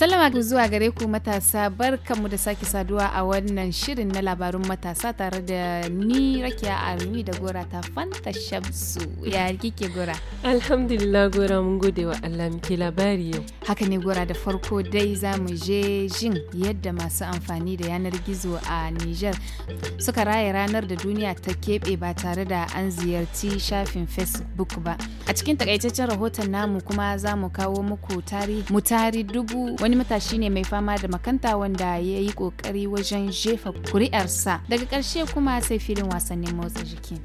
Sallama zuwa gare ku matasa mu da sake saduwa a wannan shirin na labarun matasa tare da ni rakiya armi da gora ta fanta shamsu ya kike gora. Alhamdulillah gora mun gode wa Allah muke labari yau. Haka ne gora da farko dai za mu je jin yadda masu amfani da yanar gizo a Niger suka raya ranar da duniya ta keɓe ba tare da an ziyarci shafin Facebook ba. A cikin takaitaccen rahoton namu kuma za mu kawo muku tari mutari dubu wani matashi ne mai fama da makanta wanda ya yi kokari wajen jefa kuri'arsa daga karshe kuma sai filin wasannin motsa jiki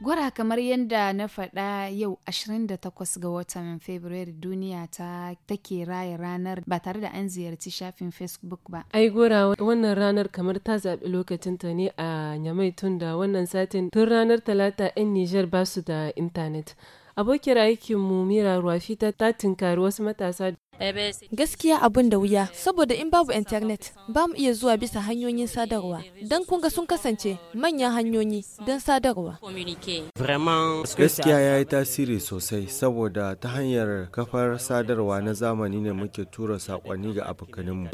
gwara kamar yadda na faɗa yau 28 ga watan fabrairu duniya ta take raya ranar ba tare da an ziyarci shafin facebook ba ai gora wannan ranar kamar ta zaɓi lokacinta ne a nyamai tunda wannan satin tun ranar talata 'yan nijar basu da intanet Abokiyar aikinmu Mira Ruwafita ta tinkari wasu matasa Gaskiya abun da wuya, saboda in babu intanet ba mu iya zuwa bisa hanyoyin sadarwa, don kunga sun kasance manyan hanyoyi don sadarwa. Gaskiya ya yi tasiri sosai saboda ta hanyar kafar sadarwa na zamani ne muke tura sakonni ga abokaninmu.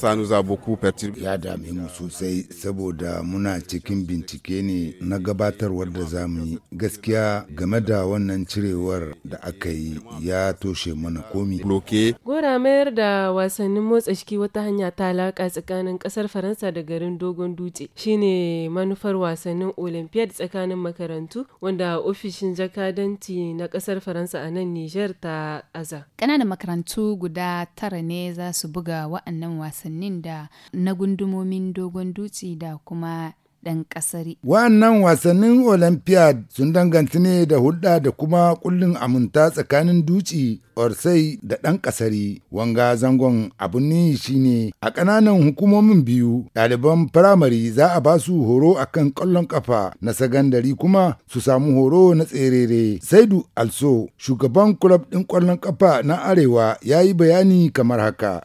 Sanu Zaboku ya dame mu sosai saboda muna cikin bincike ne na gabatarwar da zamu yi. Gaskiya game da wannan cirewar da aka yi ya toshe mana ko komi bloke gora mayar da wasannin motsa jiki wata hanya ta alaka tsakanin kasar faransa da garin dogon dutse shine manufar wasannin olympiad tsakanin makarantu wanda ofishin jakadanci na kasar faransa a nan niger ta aza ƙananan makarantu guda tara ne za su buga wa'annan wasannin da na gundumomin dogon dutse da kuma ɗan ƙasari. Wannan wasannin Olympiad sun danganci ne da hulɗa da kuma kullum aminta tsakanin duci orsai da ɗan ƙasari wanga zangon ne shi ne a ƙananan hukumomin biyu ɗaliban firamare za a ba su horo a kan ƙwallon ƙafa na sagandari kuma su samu horo na tserere saidu also shugaban kulab ɗin ƙwallon ƙafa na arewa ya yi bayani kamar haka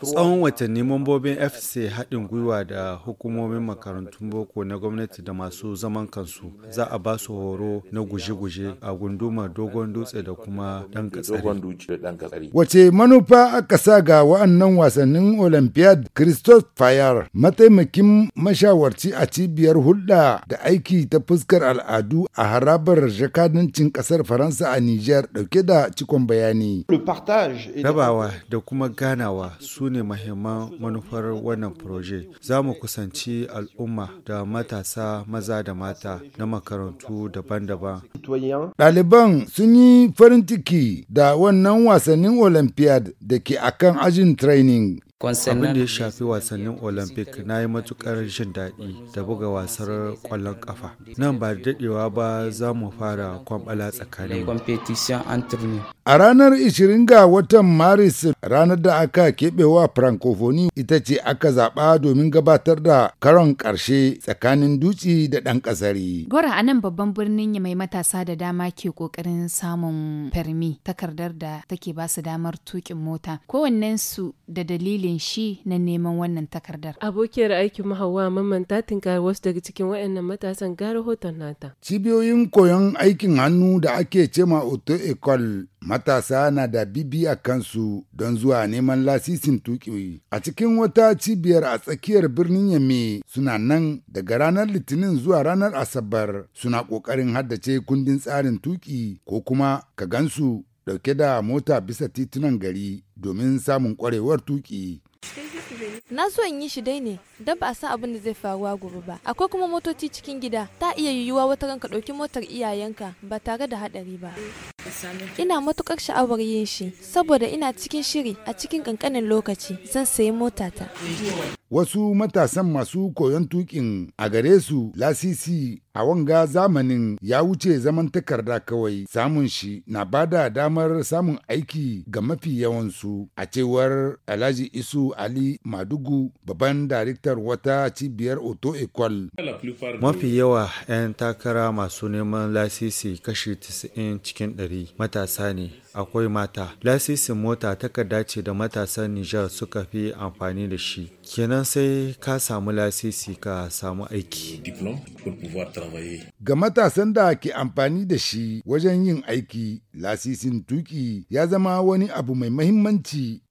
tsawon watanni mambobin fc haɗin gwiwa da hukumomin makarantun boko na gwamnati da masu zaman kansu za a ba su horo na guje-guje a gundumar dogon dutse da kuma ɗan katsari da ɗan katsari. Wace manufa aka sa ga wa'annan wasannin Olympiad Christophe Fayar mataimakin mashawarci a cibiyar hulɗa da aiki ta fuskar al'adu a harabar jakadancin ƙasar Faransa a Nijar ɗauke da cikon bayani. Rabawa da kuma ganawa su ne mahimman manufar wannan proje. Za mu kusanci al'umma da matasa maza da mata na makarantu daban-daban. Ɗaliban sun yi farin ciki da wannan rukunan wasannin Olympiad da ke akan ajin training. abin da ya shafi wasannin olympic na yi matukar jin daɗi da buga wasar kwallon ƙafa. nan ba da daɗewa ba za mu fara kwambala tsakanin a ranar 20 ga watan maris ranar da aka keɓewa francophonie ita ce aka zaɓa domin gabatar da karon ƙarshe tsakanin dutse da ɗan ƙasari gora a nan babban birnin ya mai matasa da dama ke ƙoƙarin samun fermi takardar da take ba su damar tuƙin mota kowannensu da dalilin yin shi na neman wannan takardar. Abokiyar aikin mahawa Mamman ta wasu daga cikin waɗannan matasan ga rahoton nata. Cibiyoyin koyon aikin hannu da ake cema auto ecole matasa na da bibi a kansu don zuwa neman lasisin tuƙi. A cikin wata cibiyar a tsakiyar birnin Yamme suna nan daga ranar Litinin zuwa ranar Asabar suna ƙoƙarin haddace kundin tsarin tuƙi ko kuma ka gansu dauke da mota bisa titunan gari domin samun kwarewar tuki na so in yi shi dai ne don ba a san abin da zai faruwa gobe ba akwai kuma motoci cikin gida ta iya yiwuwa wata ranka ɗauki motar iyayenka ba tare da haɗari ba ina matukar sha'awar yin shi saboda ina cikin shiri a cikin ƙanƙanin lokaci zan sayi motata wasu matasan masu koyon tukin a gare su lasisi a wanga zamanin ya wuce zaman takarda kawai samun shi na bada damar samun aiki ga mafi yawansu a cewar alhaji isu ali madugu babban daraktar wata cibiyar oto ecole mafi yawa 'yan takara masu neman lasisi kashi 90 cikin 100 matasa ne akwai mata lasisin mota takarda ce da matasan nijar suka fi amfani da shi kenan sai ka samu lasisi ka samu aiki ga matasan da ke amfani da shi wajen yin aiki lasisin tuki ya zama wani abu mai mahimmanci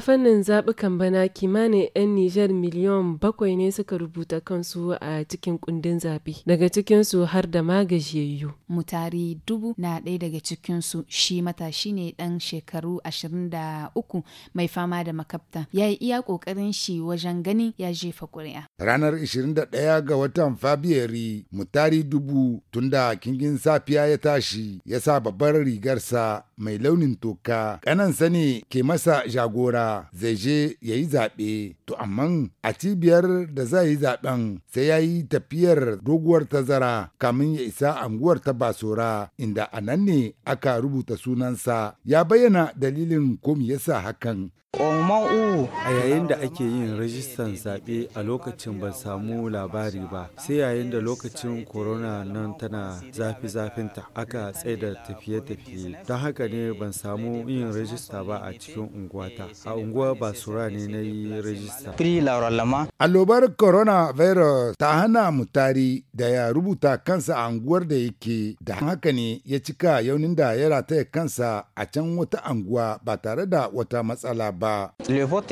fannin zaɓukan bana kimanin 'yan Nijar miliyan bakwai ne suka rubuta kansu a cikin kundin zaɓe, daga cikinsu har da ma gajiyayyu. Mutari dubu na ɗaya daga cikinsu shi matashi ne ɗan shekaru 23 mai fama da makabta. Ya yi iya ƙoƙarin shi wajen gani ya jefa ƙuri'a. Ranar ɗaya ga watan Fabiyari Mutari dubu tunda kingin safiya ya tashi ya sa babbar rigarsa mai launin toka ƙanansa ne ke masa jagora zai je ya yi zaɓe to amma a cibiyar da za yi zaɓen sai ya yi tafiyar doguwar tazara kamin ya isa anguwar ta basora inda a nan ne aka rubuta sunansa ya bayyana dalilin ko yasa hakan. A yayin da ake yin rajistan zaɓe a lokacin ban samu labari ba, sai yayin da lokacin korona nan tana zafi-zafinta aka tsaida tafiye-tafiye. Don haka ne ban samu yin rajista ba a cikin unguwata. A unguwa ba Basura ne na yi rajista. Allobar virus ta hana mutari da ya rubuta kansa a unguwar da yake da haka ne ya cika yaunin da ya rataya kansa a can wata anguwa ba tare da wata matsala ba. ba.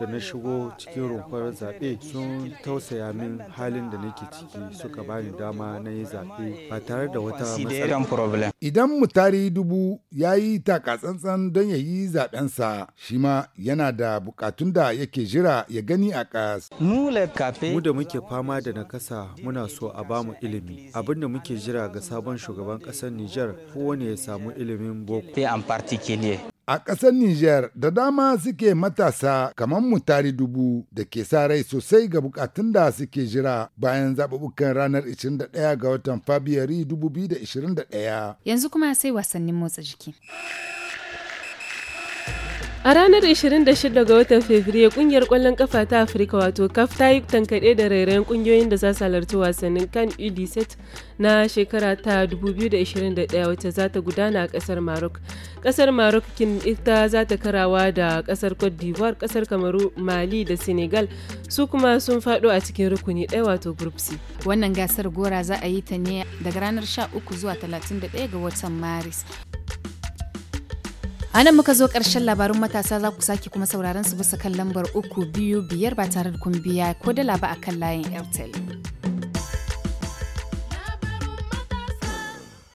da na shigo cikin rumfar zaɓe sun tausaya min halin da nake ciki suka bani dama na yi zaɓe ba tare da wata matsala. Idan mutari dubu ya yi takatsantsan don ya yi zaɓensa shi ma yana da bukatun da yake jira ya gani a ƙas. Mu da muke fama da nakasa muna so a bamu ilimi abin da muke jira ga sabon shugaban ƙasar Nijar kowane ya samu ilimin boko. A ƙasar Nijar da dama suke matasa kamar mutari dubu da ke sa rai sosai ga bukatun da suke jira bayan zaɓuɓɓukan ranar 21 ga watan Fabiyari 2021. Yanzu kuma sai wasannin motsa jiki. A ranar 26 ga watan Fabrairu, kungiyar kwallon kafa ta Afirka wato CAF ta yi tankaɗe da rairayin kungiyoyin da za su halarci wasannin kan ud na shekara ta 2021 wacce za ta gudana a kasar Maroc. Kasar Maroc kin ita za ta karawa da kasar Cote d'Ivoire, kasar Kamaru, Mali da Senegal su kuma sun faɗo a cikin rukuni ɗaya wato Group C. Wannan gasar gora za a yi ta ne daga ranar 13 zuwa 31 ga watan Maris. A nan muka zo karshen labarin matasa za ku sake kuma sauraron su bisa kan lambar uku biyu biyar ba tare da kun biya ko dala ba a kan layin Airtel.